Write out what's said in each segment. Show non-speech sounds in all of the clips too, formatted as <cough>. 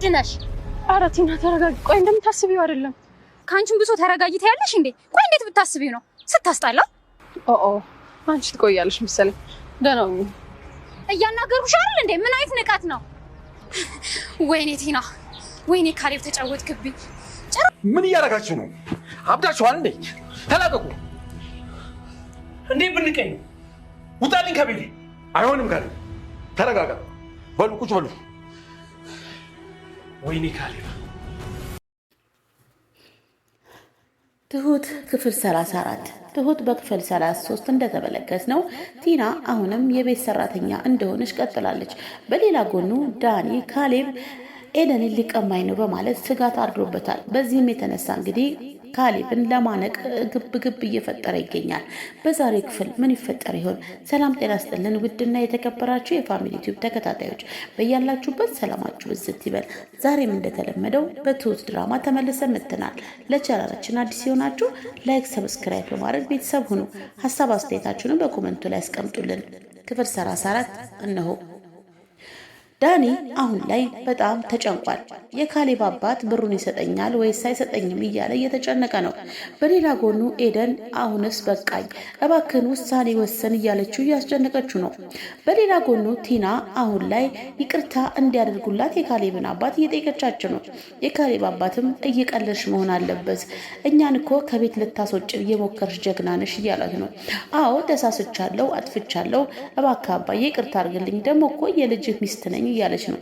እብድ ነሽ። ኧረ ቲና ተረጋጊ። ቆይ እንደምታስቢው አይደለም። ከአንቺም ብሶ ተረጋጊ ትያለሽ እንዴ? ቆይ እንዴት ብታስቢው ነው ስታስጣላ? ኦ ኦ አንቺ ትቆያለሽ መሰለኝ። ደህና ነው እያናገርኩሽ አይደል እንዴ? ምን አይነት ንቀት ነው? ወይኔ ቲና፣ ወይኔ ካሌብ ተጫወትክብኝ። ምን እያደረጋችሁ ነው? አብዳችኋል እንዴ? ተላቀቁ እንዴ! ብንቀኝ ውጣልኝ ከቤቴ። አይሆንም ካሌብ፣ ተረጋጋ። በሉ ቁጭ በሉ። ወይኔ ካሌብ ትሁት ክፍል 34 ትሁት በክፍል 33 እንደተመለከት ነው ቲና አሁንም የቤት ሰራተኛ እንደሆነች ቀጥላለች። በሌላ ጎኑ ዳኒ ካሌብ ኤደንን ሊቀማኝ ነው በማለት ስጋት አድሮበታል። በዚህም የተነሳ እንግዲህ ካሌብን ለማነቅ ግብ ግብ እየፈጠረ ይገኛል። በዛሬ ክፍል ምን ይፈጠር ይሆን? ሰላም ጤና ስጥልን። ውድና የተከበራችሁ የፋሚሊ ቲዩብ ተከታታዮች በያላችሁበት ሰላማችሁ ብዝት ይበል። ዛሬም እንደተለመደው በትሁት ድራማ ተመልሰን መጥተናል። ለቻናላችን አዲስ የሆናችሁ ላይክ፣ ሰብስክራይብ በማድረግ ቤተሰብ ሁኑ። ሀሳብ አስተያየታችሁንም በኮመንቱ ላይ ያስቀምጡልን። ክፍል 34 እነሆ። ዳኒ አሁን ላይ በጣም ተጨንቋል። የካሌብ አባት ብሩን ይሰጠኛል ወይስ አይሰጠኝም እያለ እየተጨነቀ ነው። በሌላ ጎኑ ኤደን አሁንስ በቃኝ እባክን ውሳኔ ወሰን እያለችው እያስጨነቀችው ነው። በሌላ ጎኑ ቲና አሁን ላይ ይቅርታ እንዲያደርጉላት የካሌብን አባት እየጠየቀቻቸው ነው። የካሌብ አባትም እየቀለሽ መሆን አለበት፣ እኛን እኮ ከቤት ልታስወጭ እየሞከርሽ ጀግና ነሽ እያላት ነው። አዎ ተሳስቻለሁ፣ አጥፍቻለሁ፣ እባክህ አባዬ ይቅርታ አድርግልኝ፣ ደግሞ እኮ የልጅህ ሚስት ነኝ እያለች ነው።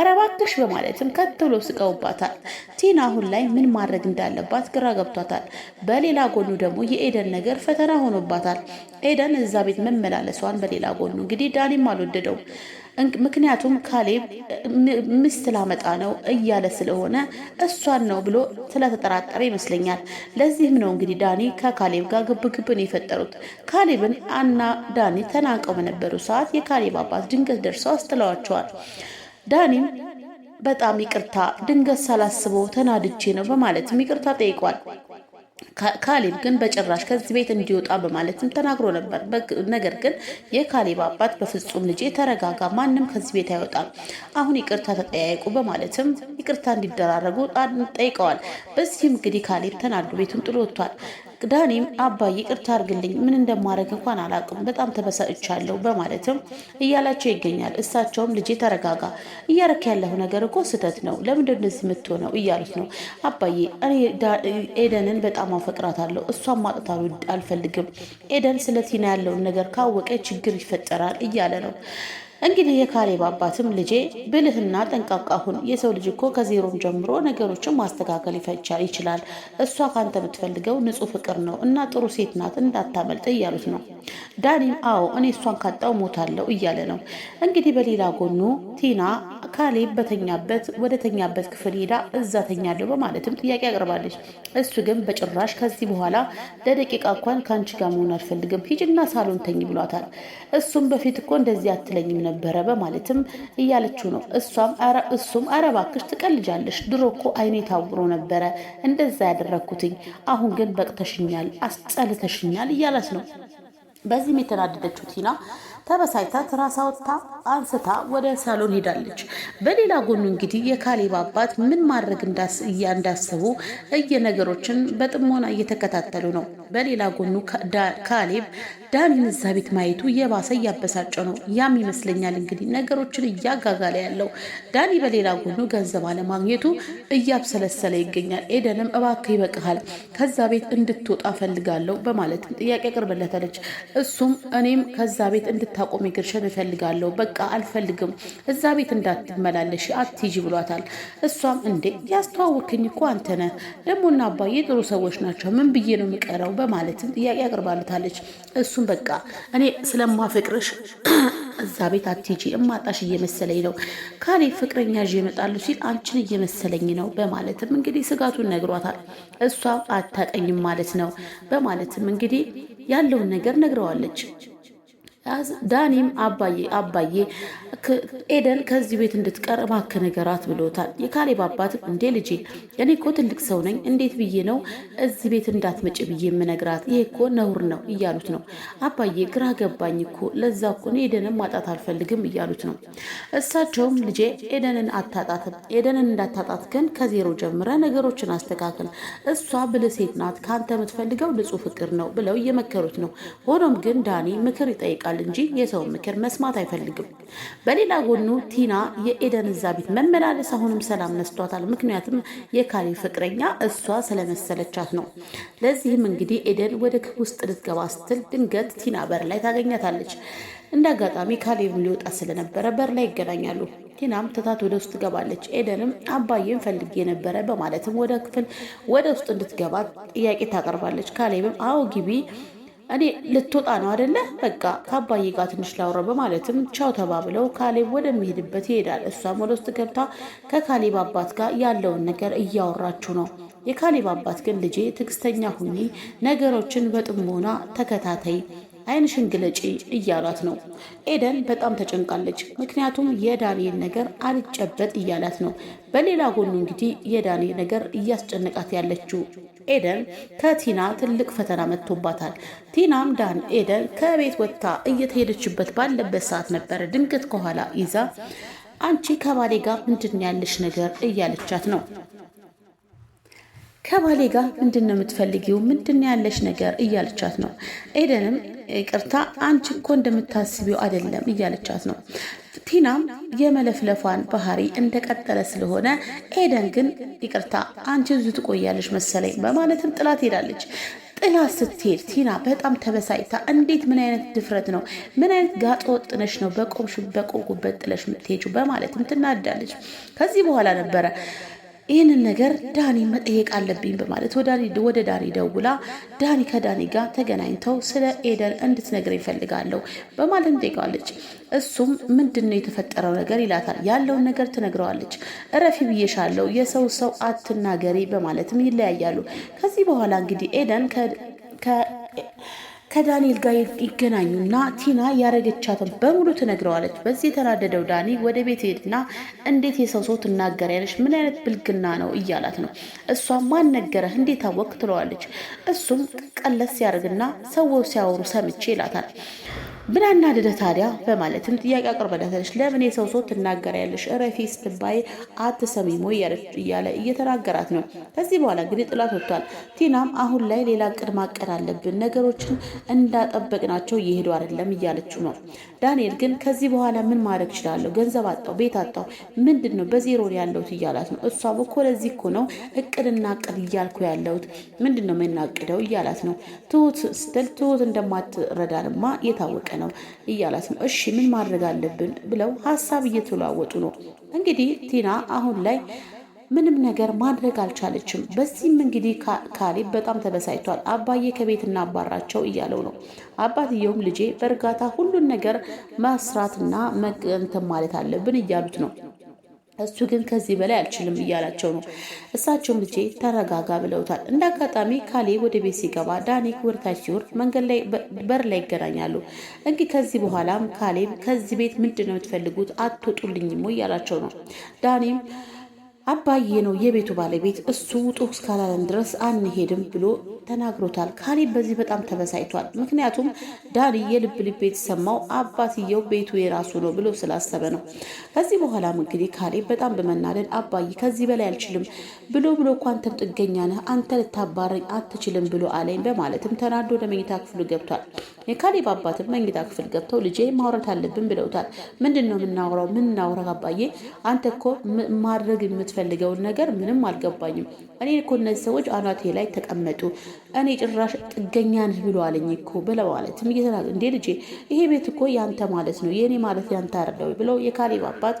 ኧረ እባክሽ በማለትም ከቶሎ ስቀውባታል። ቲና አሁን ላይ ምን ማድረግ እንዳለባት ግራ ገብቷታል። በሌላ ጎኑ ደግሞ የኤደን ነገር ፈተና ሆኖባታል። ኤደን እዛ ቤት መመላለሷን በሌላ ጎኑ እንግዲህ ዳኒም አልወደደውም። ምክንያቱም ካሌብ ሚስት ላመጣ ነው እያለ ስለሆነ እሷን ነው ብሎ ስለተጠራጠረ ይመስለኛል። ለዚህም ነው እንግዲህ ዳኒ ከካሌብ ጋር ግብግብን የፈጠሩት። ካሌብን አና ዳኒ ተናንቀው በነበሩ ሰዓት የካሌብ አባት ድንገት ደርሰው አስጥለዋቸዋል። ዳኒም በጣም ይቅርታ ድንገት ሳላስበው ተናድቼ ነው በማለትም ይቅርታ ጠይቋል። ካሌብ ግን በጭራሽ ከዚህ ቤት እንዲወጣ በማለትም ተናግሮ ነበር። ነገር ግን የካሌብ አባት በፍጹም ልጄ ተረጋጋ፣ ማንም ከዚህ ቤት አይወጣም፣ አሁን ይቅርታ ተጠያየቁ በማለትም ይቅርታ እንዲደራረጉ ጠይቀዋል። በዚህም እንግዲህ ካሌብ ተናዱ ቤቱን ጥሎ ወጥቷል። ዳኒም አባዬ ይቅርታ አድርግልኝ ምን እንደማድረግ እንኳን አላውቅም፣ በጣም ተበሳጭቻለሁ በማለትም እያላቸው ይገኛል። እሳቸውም ልጄ ተረጋጋ፣ እያረክ ያለሁ ነገር እኮ ስህተት ነው፣ ለምንድን እንደዚህ የምትሆነው እያሉት ነው። አባዬ እኔ ኤደንን በጣም አፈቅራታለሁ፣ እሷን ማጣት አልፈልግም። ኤደን ስለ ቲና ያለውን ነገር ካወቀ ችግር ይፈጠራል እያለ ነው እንግዲህ የካሌብ አባትም ልጄ ብልህና ጠንቃቃ ሁን። የሰው ልጅ እኮ ከዜሮም ጀምሮ ነገሮችን ማስተካከል ይፈቻል ይችላል። እሷ ካንተ የምትፈልገው ንጹህ ፍቅር ነው እና ጥሩ ሴት ናት፣ እንዳታመልጥ እያሉት ነው። ዳኒም አዎ እኔ እሷን ካጣው ሞታለው እያለ ነው። እንግዲህ በሌላ ጎኑ ቲና ካሌ በተኛበት ወደ ተኛበት ክፍል ሄዳ እዛ ተኛለሁ በማለትም ጥያቄ አቅርባለች። እሱ ግን በጭራሽ ከዚህ በኋላ ለደቂቃ እንኳን ከአንቺ ጋር መሆን አልፈልግም፣ ሂጅና ሳሎን ተኝ ብሏታል። እሱም በፊት እኮ እንደዚህ አትለኝም ነበረ በማለትም እያለችው ነው። እሷም እሱም ኧረ እባክሽ ትቀልጃለሽ፣ ድሮ እኮ አይኔ ታውሮ ነበረ እንደዛ ያደረግኩትኝ፣ አሁን ግን በቅተሽኛል፣ አስጸልተሽኛል እያላት ነው። በዚህም የተናደደችው ቲና ተበሳጭታ ትራስ አንስታ ወደ ሳሎን ሄዳለች። በሌላ ጎኑ እንግዲህ የካሌብ አባት ምን ማድረግ እንዳሰቡ እየነገሮችን በጥሞና እየተከታተሉ ነው። በሌላ ጎኑ ካሌብ ዳኒን እዛ ቤት ማየቱ የባሰ እያበሳጨው ነው። ያም ይመስለኛል እንግዲህ ነገሮችን እያጋጋለ ያለው ዳኒ። በሌላ ጎኑ ገንዘብ አለማግኘቱ እያብሰለሰለ ይገኛል። ኤደንም እባክህ ይበቃሃል፣ ከዛ ቤት እንድትወጣ ፈልጋለሁ በማለትም ጥያቄ አቅርብለታለች። እሱም እኔም ከዛ ቤት እንድታ የምታቆሚ ግርሸን እፈልጋለሁ፣ በቃ አልፈልግም፣ እዛ ቤት እንዳትመላለሽ አትሂጂ ብሏታል። እሷም እንዴ ያስተዋወክኝ እኮ አንተ ነህ፣ ደግሞና አባዬ ጥሩ ሰዎች ናቸው፣ ምን ብዬ ነው የምቀረው? በማለትም ጥያቄ አቅርባለታለች። እሱም በቃ እኔ ስለማፈቅርሽ <clears throat> እዛ ቤት አትሂጂ፣ እማጣሽ እየመሰለኝ ነው። ካኔ ፍቅረኛ ይዤ እመጣለሁ ሲል አንቺን እየመሰለኝ ነው በማለትም እንግዲህ ስጋቱን ነግሯታል። እሷም አታቀኝም ማለት ነው በማለትም እንግዲህ ያለውን ነገር ነግረዋለች። ዳኒም አባዬ አባዬ ኤደን ከዚህ ቤት እንድትቀር እባክህ ነገራት ብሎታል። የካሌብ አባት እንዴ ልጄ እኔ እኮ ትልቅ ሰው ነኝ፣ እንዴት ብዬ ነው እዚህ ቤት እንዳትመጭ ብዬ የምነግራት? ይሄ እኮ ነውር ነው እያሉት ነው። አባዬ ግራ ገባኝ እኮ ለዛ እኮ ኤደንን ማጣት አልፈልግም እያሉት ነው። እሳቸውም ልጄ ኤደንን አታጣትም፣ ኤደንን እንዳታጣት ግን ከዜሮ ጀምረ ነገሮችን አስተካክል፣ እሷ ብልህ ሴት ናት፣ ከአንተ የምትፈልገው ንጹህ ፍቅር ነው ብለው እየመከሩት ነው። ሆኖም ግን ዳኒ ምክር ይጠይቃል ይወጣል እንጂ የሰው ምክር መስማት አይፈልግም። በሌላ ጎኑ ቲና የኤደን እዛ ቤት መመላለስ አሁንም ሰላም ነስቷታል። ምክንያቱም የካሌ ፍቅረኛ እሷ ስለመሰለቻት ነው። ለዚህም እንግዲህ ኤደን ወደ ክፍል ውስጥ ልትገባ ስትል ድንገት ቲና በር ላይ ታገኛታለች። እንደ አጋጣሚ ካሌብ ሊወጣ ስለነበረ በር ላይ ይገናኛሉ። ቲናም ትታት ወደ ውስጥ ትገባለች። ኤደንም አባዬን ፈልጌ ነበረ በማለትም ወደ ክፍል ወደ ውስጥ እንድትገባ ጥያቄ ታቀርባለች። ካሌብም አዎ ግቢ እኔ ልትወጣ ነው አደለ? በቃ ከአባዬ ጋር ትንሽ ላውራ በማለትም ቻው ተባብለው ካሌብ ወደሚሄድበት ይሄዳል። እሷም ወደ ውስጥ ገብታ ከካሌብ አባት ጋር ያለውን ነገር እያወራችሁ ነው። የካሌብ አባት ግን ልጄ ትዕግስተኛ ሁኚ፣ ነገሮችን በጥሞና ተከታተይ ዓይንሽን ግለጪ እያሏት ነው። ኤደን በጣም ተጨንቃለች። ምክንያቱም የዳንኤል ነገር አልጨበጥ እያላት ነው። በሌላ ጎኑ እንግዲህ የዳንኤል ነገር እያስጨነቃት ያለችው ኤደን ከቲና ትልቅ ፈተና መጥቶባታል። ቲናም ዳን ኤደን ከቤት ወጥታ እየተሄደችበት ባለበት ሰዓት ነበረ ድንገት ከኋላ ይዛ አንቺ ከባሌ ጋር ምንድን ያለሽ ነገር እያለቻት ነው። ከባሌ ጋር ምንድን ነው የምትፈልጊው? ምንድን ያለሽ ነገር እያለቻት ነው። ኤደንም ይቅርታ አንቺ እኮ እንደምታስቢው አይደለም እያለቻት ነው። ቲናም የመለፍለፏን ባህሪ እንደቀጠለ ስለሆነ ኤደን ግን ይቅርታ አንቺ እዚሁ ትቆያለች መሰለኝ በማለትም ጥላ ትሄዳለች። ጥላ ስትሄድ ቲና በጣም ተበሳጭታ እንዴት ምን አይነት ድፍረት ነው? ምን አይነት ጋጠ ወጥነሽ ነው በቆምሽ በቆምኩበት ጥለሽ የምትሄጂው በማለትም ትናዳለች። ከዚህ በኋላ ነበረ ይህንን ነገር ዳኒ መጠየቅ አለብኝ በማለት ወደ ዳኒ ደውላ ዳኒ ከዳኒ ጋር ተገናኝተው ስለ ኤደን እንድትነግር ይፈልጋለሁ በማለት እንጠይቀዋለች። እሱም ምንድን ነው የተፈጠረው ነገር ይላታል። ያለውን ነገር ትነግረዋለች። እረፊ ብዬሻለሁ፣ የሰው ሰው አትናገሪ በማለትም ይለያያሉ። ከዚህ በኋላ እንግዲህ ኤደን ከዳንኤል ጋር ይገናኙና ቲና ያረገቻትን በሙሉ ትነግረዋለች። በዚህ የተናደደው ዳኒ ወደ ቤት ሄድና እንዴት የሰው ሰው ትናገሪያለሽ? ምን አይነት ብልግና ነው እያላት ነው። እሷ ማን ነገረህ? እንዴት አወቅ? ትለዋለች። እሱም ቀለስ ሲያደርግና ሰዎች ሲያወሩ ሰምቼ ይላታል። ምን አናደደ ታዲያ በማለትም ጥያቄ አቅርበለታለች። ለምን የሰው ሰው ትናገራ ያለሽ እረፊ ስትባይ አትሰሚሞ እያለ እየተናገራት ነው። ከዚህ በኋላ እንግዲህ ጥላት ወጥቷል። ቲናም አሁን ላይ ሌላ ቅድ ማቀድ አለብን፣ ነገሮችን እንዳጠበቅናቸው እየሄዱ አይደለም እያለችው ነው። ዳንኤል ግን ከዚህ በኋላ ምን ማድረግ እችላለሁ? ገንዘብ አጣው፣ ቤት አጣው፣ ምንድን ነው በዜሮ ያለሁት እያላት ነው። እሷም እኮ ለዚህ እኮ ነው እቅድና እቅድ እያልኩ ያለሁት ምንድን ነው የምናቅደው እያላት ነው። ትሁት ስትል ትሁት እንደማትረዳንማ የታወቀ ነው እያላት ነው። እሺ ምን ማድረግ አለብን ብለው ሀሳብ እየተለዋወጡ ነው። እንግዲህ ቲና አሁን ላይ ምንም ነገር ማድረግ አልቻለችም። በዚህም እንግዲህ ካሌብ በጣም ተበሳጭቷል። አባዬ ከቤት እናባራቸው እያለው ነው። አባትየውም ልጄ በእርጋታ ሁሉን ነገር መስራትና መቅንትን ማለት አለብን እያሉት ነው። እሱ ግን ከዚህ በላይ አልችልም እያላቸው ነው። እሳቸውም ልጄ ተረጋጋ ብለውታል። እንደ አጋጣሚ ካሌ ወደ ቤት ሲገባ ዳኒ ወርታች ሲወርድ መንገድ ላይ በር ላይ ይገናኛሉ። እንግዲህ ከዚህ በኋላም ካሌም ከዚህ ቤት ምንድን ነው የምትፈልጉት? አትወጡልኝም እያላቸው ነው ዳኒም አባዬ ነው የቤቱ ባለቤት እሱ ውጡ እስካላለን ድረስ አንሄድም ብሎ ተናግሮታል። ካሌብ በዚህ በጣም ተበሳይቷል። ምክንያቱም ዳኒ የልብ ልብ የተሰማው አባትየው ቤቱ የራሱ ነው ብሎ ስላሰበ ነው። ከዚህ በኋላም እንግዲህ ካሌብ በጣም በመናደድ አባዬ ከዚህ በላይ አልችልም ብሎ ብሎ እኮ አንተም ጥገኛ ነህ፣ አንተ ልታባረኝ አትችልም ብሎ አለኝ በማለትም ተናዶ ወደ መኝታ ክፍሉ ገብቷል። የካሌብ አባትም መኝታ ክፍል ገብተው ልጄ ማውራት አለብን ብለውታል። ምንድን ነው የምናወራው? ምን እናውራ አባዬ አንተ እኮ ማድረግ የምትፈ የምትፈልገውን ነገር ምንም አልገባኝም። እኔ እኮ እነዚህ ሰዎች አናቴ ላይ ተቀመጡ፣ እኔ ጭራሽ ጥገኛ ነህ ብሎ አለኝ እኮ ማለት እየተናገ እንዴ ልጄ ይሄ ቤት እኮ ያንተ ማለት ነው የእኔ ማለት ያንተ አይደለም ብለው የካሌብ አባት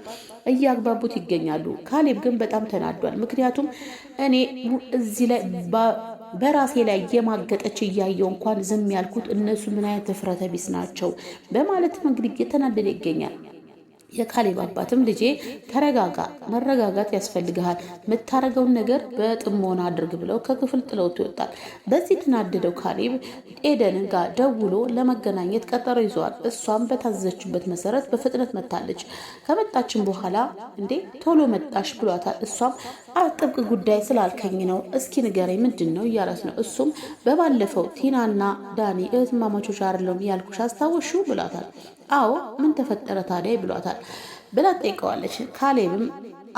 እያግባቡት ይገኛሉ። ካሌብ ግን በጣም ተናዷል። ምክንያቱም እኔ እዚህ ላይ በራሴ ላይ የማገጠች እያየው እንኳን ዝም ያልኩት እነሱ ምን አይነት እፍረተ ቢስ ናቸው በማለትም እንግዲህ እየተናደደ ይገኛል። የካሌብ አባትም ልጄ ተረጋጋ፣ መረጋጋት ያስፈልግሃል፣ የምታረገውን ነገር በጥሞና አድርግ ብለው ከክፍል ጥለውት ይወጣል። በዚህ የተናደደው ካሌብ ኤደን ጋር ደውሎ ለመገናኘት ቀጠሮ ይዘዋል። እሷም በታዘዘችበት መሰረት በፍጥነት መታለች። ከመጣችን በኋላ እንዴ ቶሎ መጣሽ ብሏታል። እሷም ጥብቅ ጉዳይ ስላልከኝ ነው፣ እስኪ ንገረኝ ምንድን ነው እያላት ነው። እሱም በባለፈው ቲናና ዳኒ እህትማማቾች አይደለሁም ያልኩሽ አስታወሹ ብሏታል። አዎ ምን ተፈጠረ ታዲያ ብሏታል። ብላ ጠይቀዋለች። ካሌብም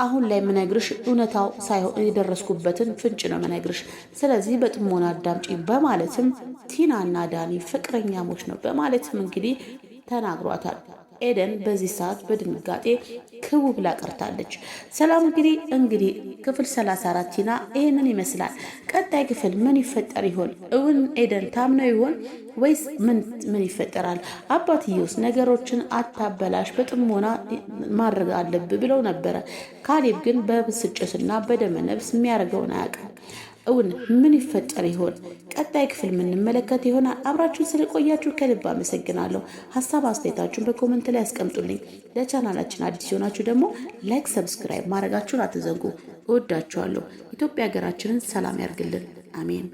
አሁን ላይ የምነግርሽ እውነታው ሳይሆን የደረስኩበትን ፍንጭ ነው የምነግርሽ። ስለዚህ በጥሞና አዳምጪ በማለትም ቲናና ዳኒ ፍቅረኛሞች ነው በማለትም እንግዲህ ተናግሯታል። ኤደን በዚህ ሰዓት በድንጋጤ ክው ብላ ቀርታለች። ሰላም እንግዲህ እንግዲህ ክፍል 34 ቲና ይህንን ይመስላል። ቀጣይ ክፍል ምን ይፈጠር ይሆን? እውን ኤደን ታምነው ይሆን ወይስ ምን ይፈጠራል? አባትየውስ ነገሮችን አታበላሽ፣ በጥሞና ማድረግ አለብ ብለው ነበረ። ካሌብ ግን በብስጭትና በደመነብስ የሚያደርገውን አያውቅም። እውን ምን ይፈጠር ይሆን? ቀጣይ ክፍል የምንመለከት ይሆናል። አብራችሁን ስለቆያችሁ ከልብ አመሰግናለሁ። ሀሳብ አስተያየታችሁን በኮመንት ላይ ያስቀምጡልኝ። ለቻናላችን አዲስ የሆናችሁ ደግሞ ላይክ፣ ሰብስክራይብ ማድረጋችሁን አትዘንጉ። እወዳችኋለሁ። ኢትዮጵያ ሀገራችንን ሰላም ያርግልን። አሜን።